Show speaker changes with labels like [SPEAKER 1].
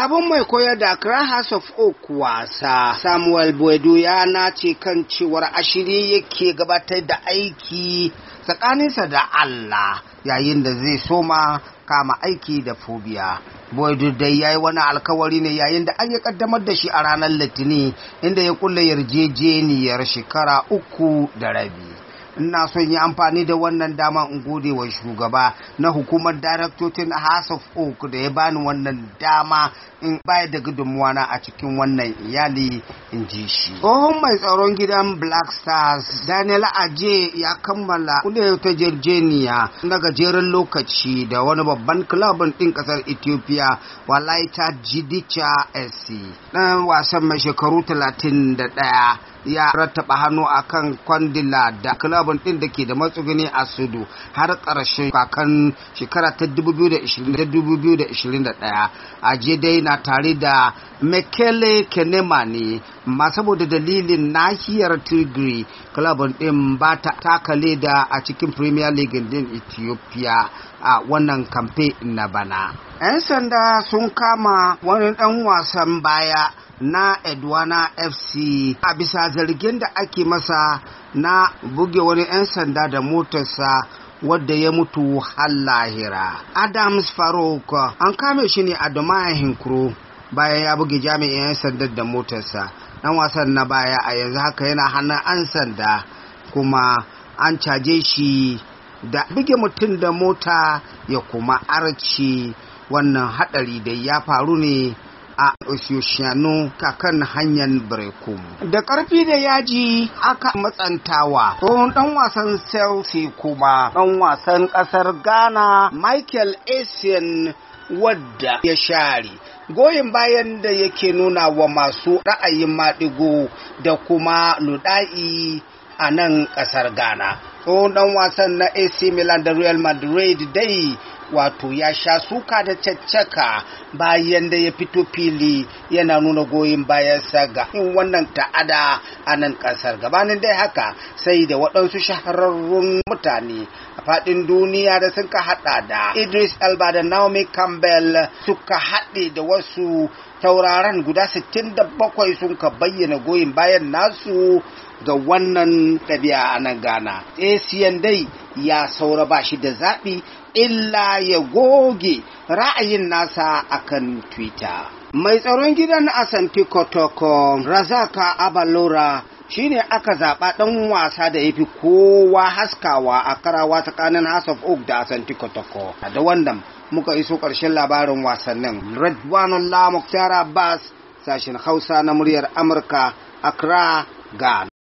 [SPEAKER 1] Sabon mai koyar da Accra of Oak wasa Samuel Buedu ya nace kan cewar ashiri yake gabatar da aiki tsakaninsa da Allah yayin da zai soma kama aiki da fubiya. Buedu dai ya yi wani alkawari ne yayin da an yi kaddamar da shi a ranar Litinin inda ya kulle yarjejeniyar shekara uku da rabi. ina son yi amfani da wannan dama in gode wa shugaba na hukumar daraktocin house of oak da ya bani wannan dama in bayar da gudunmuwa na a cikin wannan iyali in ji shi tsohon mai tsaron gidan black stars daniel aje ya kammala kudin ta jirjeniya na gajeren lokaci da wani babban kilabin din kasar ethiopia walaita jidicha sc Ɗan wasan mai shekaru 31 ya rattaba hannu a kan kwandila da kilabun din da ke da matsuguni a sudu har ƙarshen kakan shekara ta 2021 a dai na tare da mekele kenema ne ma saboda dalilin nahiyar tigray kilabun din ba ta takale da a cikin premier league din ethiopia a wannan kamfe na bana 'yan sanda sun kama wani dan wasan baya na edwana fc a bisa zargin da ake masa na buge wani 'yan sanda da motarsa wadda ya mutu har adams faruk an kame shi ne a domayan hinkuro bayan ya buge jami'in 'yan sanda da motarsa dan wasan na baya a yanzu haka yana hannun 'yan sanda kuma an caje shi da buge mutum da mota ya kuma arci wannan hadari da ya faru ne a Oshoshanu kakan hanyar Brekum. Da ƙarfi da yaji aka matsantawa tsohon ɗan wasan Chelsea kuma ɗan wasan ƙasar Ghana Michael Essien wadda ya share. goyin bayan da yake nuna wa masu ra'ayin maɗigo da kuma luɗa'i a nan ƙasar ghana tsohon ɗan wasan na ac milan da real madrid dai wato ya sha suka da caccaka bayan da ya fito fili yana nuna goyon bayansa ga in wannan ta'ada a nan ƙasar gabanin dai haka sai da waɗansu shahararrun mutane a faɗin duniya da sun ka haɗa da idris elba da naomi campbell suka haɗe da wasu tauraron guda 67 sun ka bayyana goyin bayan nasu ga wannan ɗabi'a a nan Ghana. Asian dai ya saura bashi da zaɓi illa ya goge ra'ayin nasa akan twitter mai tsaron gidan asanti kotoko razaka abalora shine aka zaɓa ɗan wasa da ya fi kowa haskawa a karawa tsakanin house of oak da asanti kotoko da wannan muka iso ƙarshen labarin wasannin redwanullah muktar abbas sashen hausa na muryar amurka accra ghana